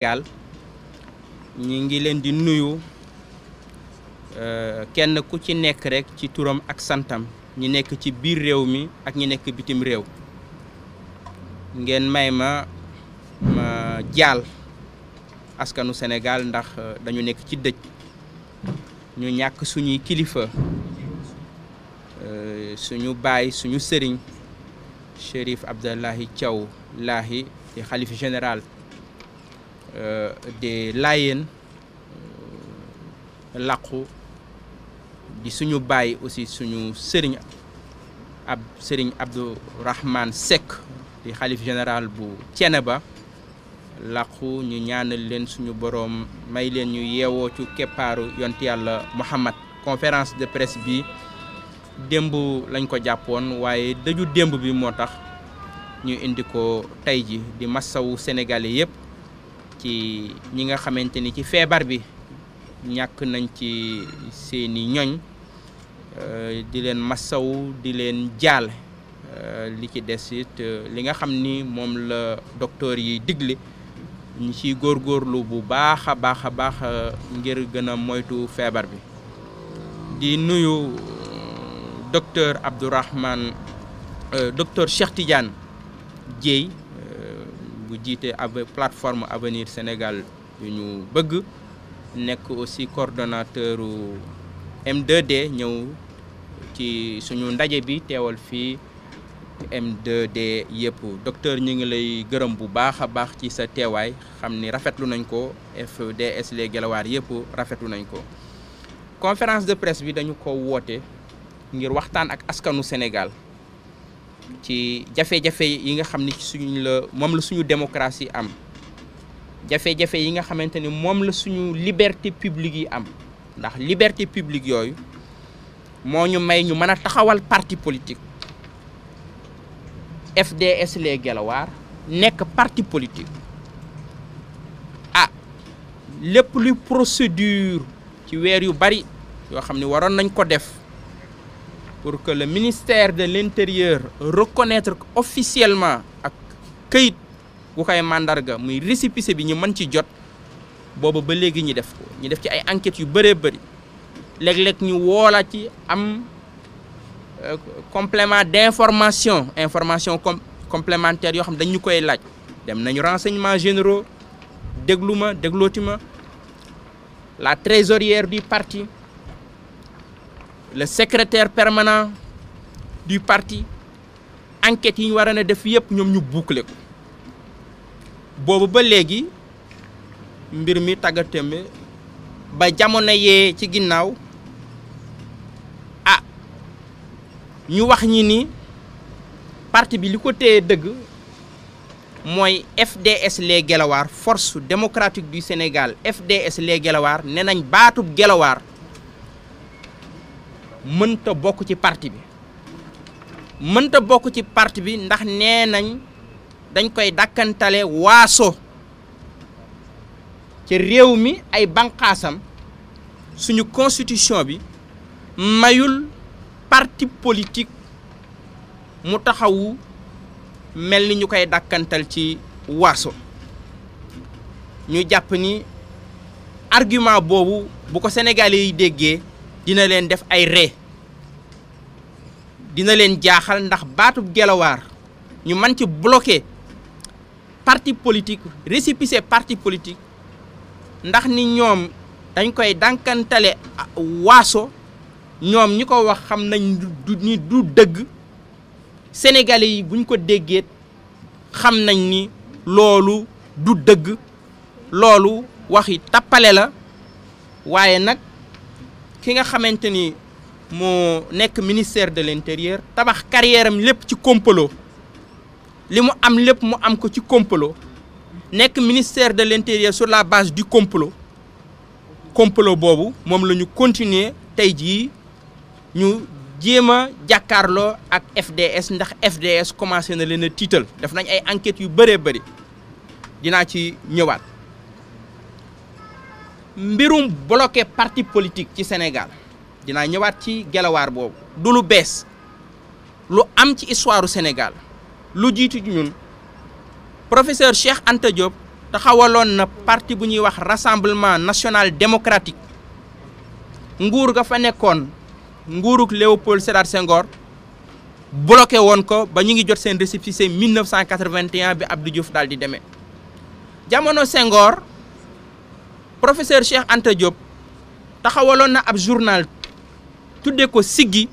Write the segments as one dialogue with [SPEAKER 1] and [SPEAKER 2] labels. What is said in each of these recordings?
[SPEAKER 1] Sénégal ñi ngi leen di nuyu euh, kenn ku ci nekk rekk ci turam ak santam ñi nekk ci biir réew mi ak ñi nekk bitim réew ngeen may ma ma jaal askanu senegal ndax euh, dañu nekk ci dëj ñu ñàkk suñuy kilifa euh, suñu baay suñu sëriñ Chérif Abdallahi Thiaw Lahi di xalif général Euh, des Layeen euh, làqu di suñu baay aussi suñu sëriñ ab sëriñ Abdourahman Seck di xalif général bu cene Thiénaba làqu ñu ñaanal leen suñu boroom may leen ñu yeewoo ci keppaaru yont yàlla Muhammad conférence de presse bi démb lañ ko jàppoon waaye dëju démb bi moo tax ñu indi ko tey ji di massawu sénégalais yépp ci ñi nga xamante ni ci feebar bi ñàkk nañ ci seeni ñoñ euh, di leen massaw di leen jaal euh, li ci des it euh, li nga xam ni moom la docteur yi digle ñu ciy góorlu bu baax a baax a baax ngir gën a moytu feebar bi di nuyu docteur Abdourahmane docteur Cheikh Tidiane Dieye bu jiite ab plateforme avenir Sénégal yu ñu bëgg nekk aussi coordonnateur m 2 ñëw ci suñu ndaje bi teewal fii M2D yëpp docteur ñu ngi lay gërëm bu baax a baax ci sa teewaay xam ni rafetlu nañ ko FDS gelawaar Guelwaar yëpp rafetlu nañ ko conférence de presse bi dañu ko woote ngir waxtaan ak askanu Sénégal ci jafe-jafe yi nga xam ni suñu la moom la suñu démocratie am jafe-jafe yi nga xamante ni moom la suñu liberté publique yi am ndax liberté publique yooyu moo ñu may ñu mën a taxawal parti politique FDS Les gelawaar nekk parti politique ah lépp luy procédure ci weer yu bari yoo xam ni waroon nañ ko def pour que le ministère de l'intérieur reconnaître officiellement ak kayit gu koy màndarga muy récépissé bi ñu mën ci jot booba ba léegi ñu def ko ñu def ci ay enquêtes yu bëree bëri léeg-léeg ñu woola ci am euh, complément d'information information com complémentaire yoo xam dañ ñu koy laaj dem nañu renseignements généraux déglu ma déglooti ma la trésorière du parti le secrétaire permanent du parti enquête yi ñu war a def yëpp ñoom ñu boucler ko boobu ba léegi mbir mi tàggatémbe ba jamono yee ci ginnaaw a ah, ñu wax ñi ni parti bi li ko téye dëgg mooy FDS les gelawaar force démocratique du Sénégal FDS les gelawaar nee nañ baatub gelawaar mënta bokk ci parti bi mënta bokk ci parti bi ndax nee nañ dañ koy dakkantale waaso ci réew mi ay banqaasam suñu constitution bi mayul parti politik mu taxawu mel ni ñu koy dakkantal ci waaso ñu jàpp ni argument boobu bu ko sénégalais yi déggee dina leen def ay ree dina leen jaaxal ndax baatub gelawaar ñu man ci bloqué parti politik résipise parti politique ndax ni ñoom dañ koy dànkantale waaso ñoom ñi ko wax xam nañ du dëgg sénégalais yi buñ ko déggee xam nañ ni loolu du dëgg loolu waxi tappale la waaye nag ki nga xamante ni moo nekk ministère de l'intérieur tabax carrière am lépp ci complot li mu am lépp mu am ko ci complot nekk ministère de l'intérieur sur la base du complot complot boobu moom la ñu continuer tey jii ñu jéem a jàkkaarloo ak FDS ndax FDS commencé na leen a tiital def nañ ay enquêtes yu bëree bëri dinaa ci ñëwaat. mbirum bloqué parti politique ci Sénégal dinaa ñëwaat ci gelawaar boobu du lu bees lu am ci histoire Sénégal lu jiitu ñun professeur Cheikh Anta Diop taxawaloon na parti bu ñuy wax rassemblement national démocratique nguur ga fa nekkoon nguuruk Léopold Sédar Senghor bloqué woon ko ba ñu ngi jot seen récépissé 1981 bi ab du Diouf daal di demee jamono Senghor. professeur Cheikh Anta Diop taxawaloon na ab journal tuddee ko siggi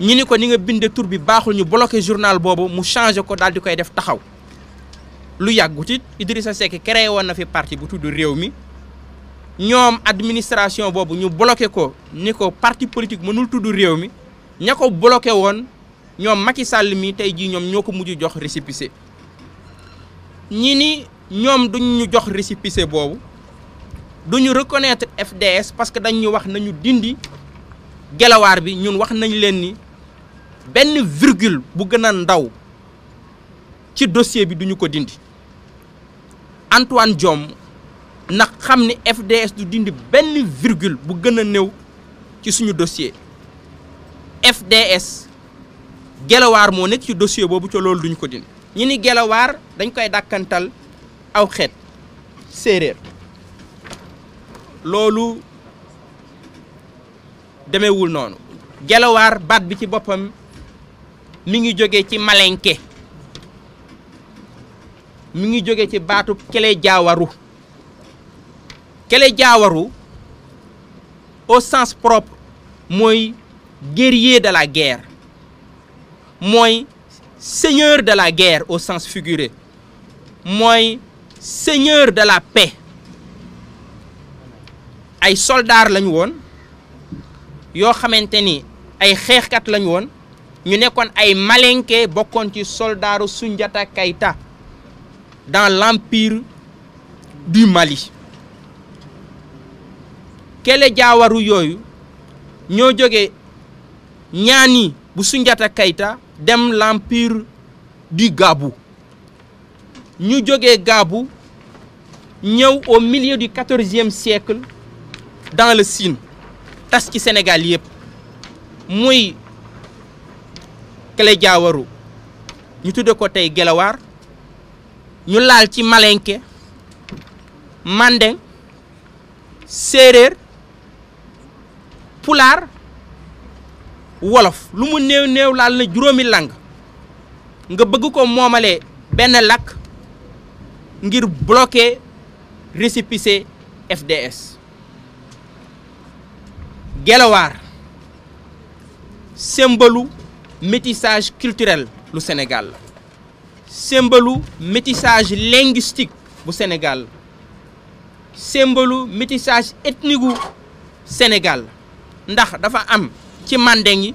[SPEAKER 1] ñi ni ko ni nga binde tur bi baaxul ñu bloqué journal boobu mu changé ko daal di koy def taxaw lu yàggu ci Idrissa Seck créé woon na fi parti bu tudd réew mi ñoom administration boobu ñu bloqué ko ni ko parti politique mënul tudd réew mi ña ko bloqué woon ñoom Macky sàll mi tey jii ñoom ñoo ko mujj jox récépissé ñi ni ñoom duñ ñu jox récépissé boobu duñu reconnaître FDS parce que dañu wax nañu dindi gelawaar bi ñun wax nañ leen ni benn virgule bu gën a ndaw ci dossier bi duñu ko dindi Antoine Diome nag xam ni FDS du dindi benn virgule bu gën a néew ci suñu dossier FDS gelawaar moo nekk ci dossier boobu ca loolu duñu ko dindi ñi ni gelawaar dañ koy dàkkantal aw xeet séeréer loolu demewul noonu gelawaar baat bi ci boppam mi ngi jóge ci malenke mi ngi jóge ci baatu kele jaawaru kele jaawaru au sens propre mooy guerrier de la guerre mooy seigneur de la guerre au sens figuré mooy seigneur de la paix ay soldaar lañu woon yoo xamante ni ay xeexkat lañu woon ñu nekkoon ay malinké bokkoon ci soldaaru Sunjata Kayta dans l'empire du Mali Kelle Jaawaru yooyu ñoo jóge ñaani bu Sunjata Kayta dem l'empire di Gabou ñu jóge Gabou ñëw au milieu du quatorzième siècle dans le Sine tas ci Sénégal yëpp muy Kele Jaawaru ñu tudde ko tey Gelawaar ñu laal ci Malenke Mandeng séeréer pulaar wolof lu mu néew néew laal na juróomi lang nga bëgg ko moomale benn làkk ngir bloquer récépissé FDS gelawaar sembalu métissage culturel lu Sénégal la sembalu métissage linguistique bu Sénégal sembalu métissage ethnique gu Sénégal ndax dafa am ci mandeng yi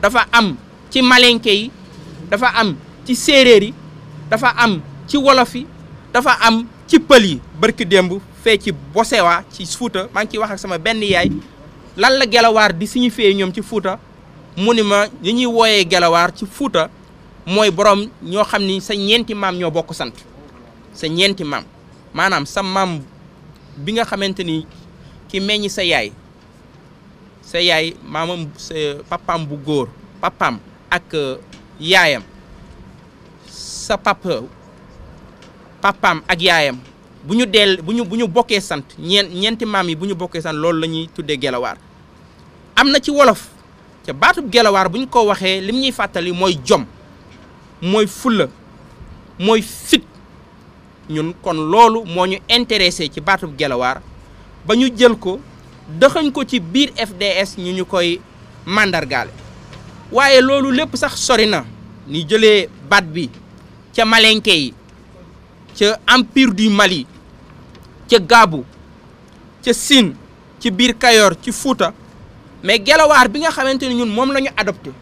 [SPEAKER 1] dafa am ci malenke yi dafa am ci séeréer yi dafa am ci wolof yi dafa am ci pël yi barki démb fee ci Bosewa ci Fuuta maa ngi ciy wax ak sama benn yaay lan la gelawaar di signifier ñoom ci Fuuta mu ni ma li ñuy wooyee gelawaar ci Fuuta mooy borom ñoo xam ni sa ñeenti maam ñoo bokk sant sa ñeenti maam maanaam sa maam bi nga xamante ni ki meññ sa yaay sa yaay maamam sa papaam bu góor papaam ak yaayam sa papa papaam ak yaayam bu ñu dell bu ñu bu ñu bokkee sant ñeenti maam yi bu ñu bokkee sant loolu la ñuy tuddee gelawaar am na ci wolof ca baatub gelawaar bu ñu ko waxee lim ñuy fàttali mooy jom mooy fulla mooy fit ñun kon loolu moo ñu intéressé ci baatub gelawaar ba ñu jël ko dëxañ ko ci biir FDS ñu ñu koy màndargaale waaye loolu lépp sax sori na ni jëlee baat bi ca malenke yi ca empire du Mali ca Gaabu ca Sine ci biir Kayoor ci Fuuta mais gelawaar bi nga xamante ni ñun moom lañu ñu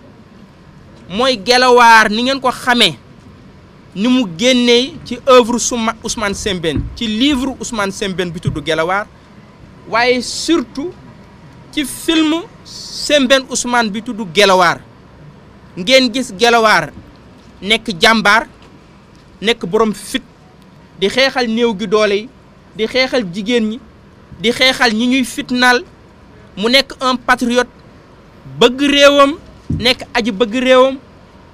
[SPEAKER 1] mooy gelawaar ni ngeen ko xamee ni mu génnee ci œuvre suma Ousmane Sembène ci livre Ousmane Sembène bi tudd gelawaar waaye surtout ci film Sembène Ousmane bi tudd gelawaar ngeen gis gelawaar nekk jàmbaar nekk borom fit di xeexal néew gi doole yi di xeexal jigéen ñi di xeexal ñi ñuy fitnaal mu nekk un patriote bëgg réewam nekk aji bëgg réewam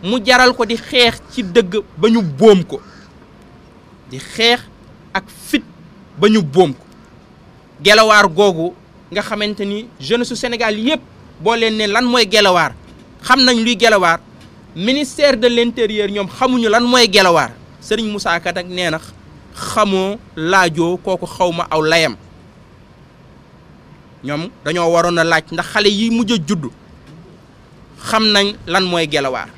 [SPEAKER 1] mu jaral ko di xeex ci dëgg ba ñu boom ko di xeex ak fit ba ñu gelawaar googu nga xamante ni jeune su Sénégal yëpp boo leen ne lan mooy gelawaar xam nañ luy gelawaar ministère de l'intérieur ñoom xamuñu lan mooy gelawaar sëriñ Moussa Ka nee nax xamoo laajoo kooku xawma aw layam ñoom dañoo waroon a laaj ndax xale yi mujj a judd xam nañ lan mooy gelawaar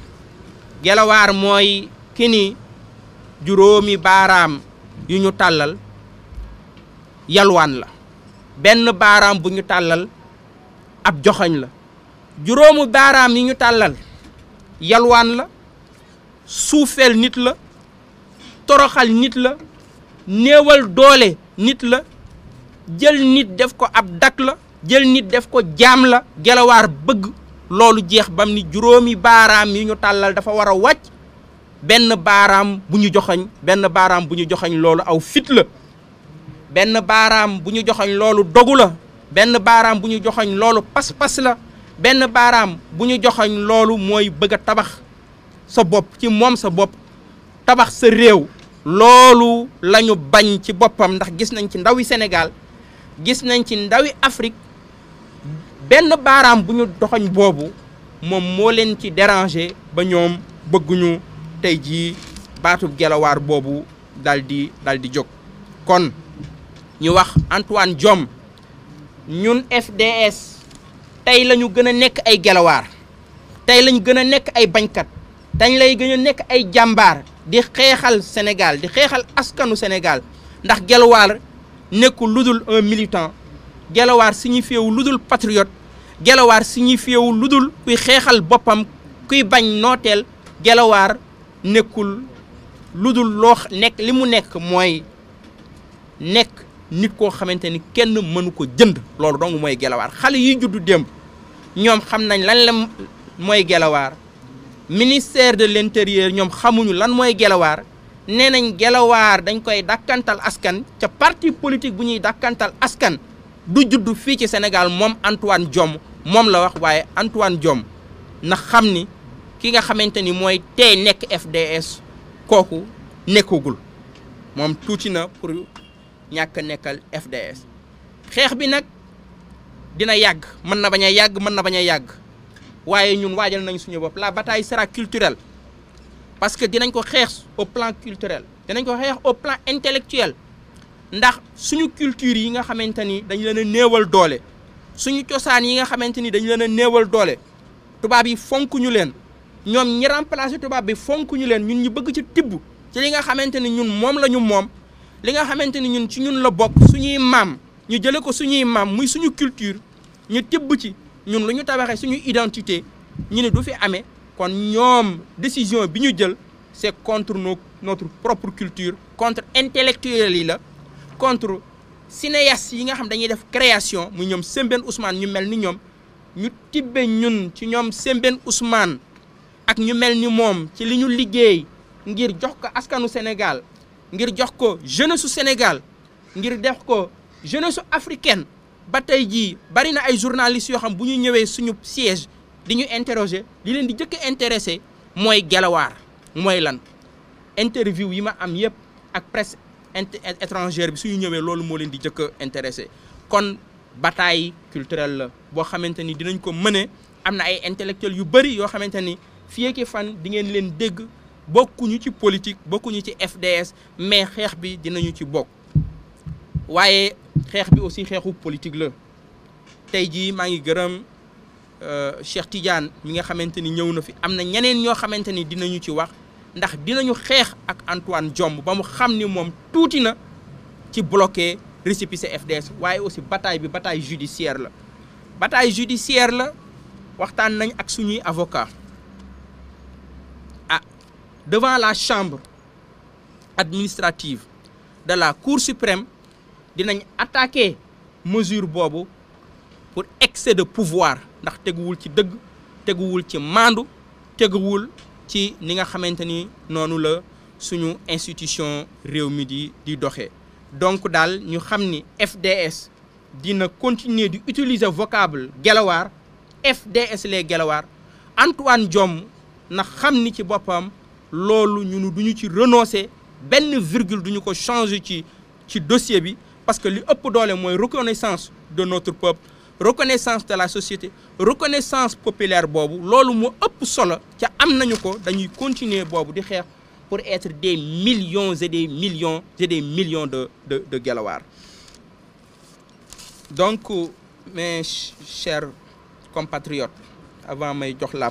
[SPEAKER 1] gelawaar mooy ki ni juróomi baaraam yu ñu tàllal yalwaan la benn baaraam bu ñu tàllal ab joxañ la juróomu baaraam yi ñu tàllal yalwaan la suufeel nit la toroxal nit la néewal doole nit la jël nit def ko ab dak la jël nit def ko jaam la gelawaar bëgg loolu jeex bam ni juróomi baaraam yi ñu tàllal dafa war a wàcc benn baaraam bu ñu joxañ benn baaraam bu ñu joxañ loolu aw fit la benn baaraam bu ñu joxañ loolu dogu la benn baaraam bu ñu joxañ loolu pas-pas la benn baaraam bu ñu joxañ loolu mooy bëgg tabax sa bopp ci moom sa bopp tabax sa réew loolu lañu bañ ci boppam ndax gis nañ ci ndawi Sénégal gis nañ ci ndawi Afrique benn baaraam bu ñu doxañ boobu moom moo leen ci derangé ba ñoom bëgguñu tey jii baatub gelawaar boobu daldi di di jóg kon ñu wax Antoine Diome ñun FDS tey la ñu gën a nekk ay gelawaar tey lañu gën a nekk ay bañkat tey lay gën a nekk ay jàmbaar di xeexal Sénégal di xeexal askanu Sénégal ndax Guelwaar nekkul lu dul un gelawaar Guelwaar signifie wu lu dul patriote Guelwaar signifie wu lu dul kuy xeexal boppam kuy bañ nooteel gelawaar nekkul lu dul loo nekk li mu nekk mooy nekk nit koo xamante ni kenn mënu ko jënd loolu dong mooy gelawaar xale yi juddu démb ñoom xam nañ lan la mooy gelawaar ministère de l'intérieur ñoom xamuñu lan mooy gelawaar nee nañ gelawaar dañ koy dàkkantal askan ca parti politique bu ñuy dàkkantal askan du juddu fii ci Sénégal moom antuwaan jomm moom la wax waaye antuwaan jomm na xam ni ki nga xamante ni mooy tey nekk FDS kooku nekkagul moom tuuti na pour ñàkk nekkal FDS xeex bi nag dina yàgg mën na bañ a yàgg mën na bañ a yàgg waaye ñun waajal nañ suñu bopp la bataille sera culturelle parce que dinañ ko xeex au plan culturel dinañ ko xeex au plan intellectuel ndax suñu culture yi nga xamante ni dañ leen a néewal doole suñu cosaan yi nga xamante ni dañ leen a néewal doole tubaab yi fonk ñu leen ñoom ñi remplacer tubaab bi fonk ñu leen ñun ñu bëgg ci tibb ci li nga xamante ni ñun moom la ñu moom li nga xamante ni ñun ci ñun la bokk suñuy maam ñu jële ko suñuy maam muy suñu culture ñu tibb ci ñun lu ñu tabaxee suñu identité ñu ne du fi amee kon ñoom décision bi ñu jël c'est contre nos notre propre culture contre intellectuels yi la contre cinéastes yi nga xam dañuy def création mu ñoom Sembène Ousmane ñu mel ni ñoom ñu tibbe ñun ci ñoom Sembène Ousmane ak ñu mel ni moom ci li ñu liggéey ngir jox ko askanu Sénégal ngir jox ko jeunesse su Sénégal ngir dex ko jeunesse su africaine ba tey jii bari na ay journalistes yoo xam bu ñu ñëwee suñu siège di ñu interroger li leen di jëkk intéressé mooy gelawaar mooy lan interview yi ma am yëpp ak presse étrangère bi suñu ñëwee loolu moo leen di jëkk intéressé kon bataille culturelle la boo xamante ni dinañ ko mëne am na ay intellectuels yu bëri yoo xamante ni fii fan di ngeen leen dégg bokkuñu ci politique bokkuñu ci FDS mais xeex bi dinañu ci bokk waaye xeex bi aussi xeexu politique la tey jii maa ngi gërëm euh, Cheikh Tidiane mi nga xamante ni ñëw na fi am na ñeneen ñoo xamante ni dinañu ci wax ndax dinañu xeex ak Antoine Diome ba mu xam ni moom tuuti na ci bloqué récépissé FDS waaye aussi bataay bi bataille judiciaire la bataille judiciaire la waxtaan nañ ak suñuy avocat ah devant la chambre administrative de la Cour suprême dinañ attaque mesure boobu pour excès de pouvoir ndax teguwul ci dëgg teguwul ci maandu teguwul ci ni nga xamante ni noonu la suñu institution réew mi di di doxee donc daal ñu xam ni FDS dina continuer di utiliser vocable gelawaar FDS les gelawaar Antoine jomm na xam ni ci boppam loolu ñunu duñu ci renoncer benn virgule duñu ko changer ci ci dossier bi parce que li ëpp doole mooy reconnaissance de notre peuple reconnaissance de la société reconnaissance populaire boobu loolu moo ëpp solo ca am nañu ko dañuy continuer boobu di xeex pour être des millions et des millions et des millions de de de Guelwaar donc euh, mes chers compatriotes avant may jox la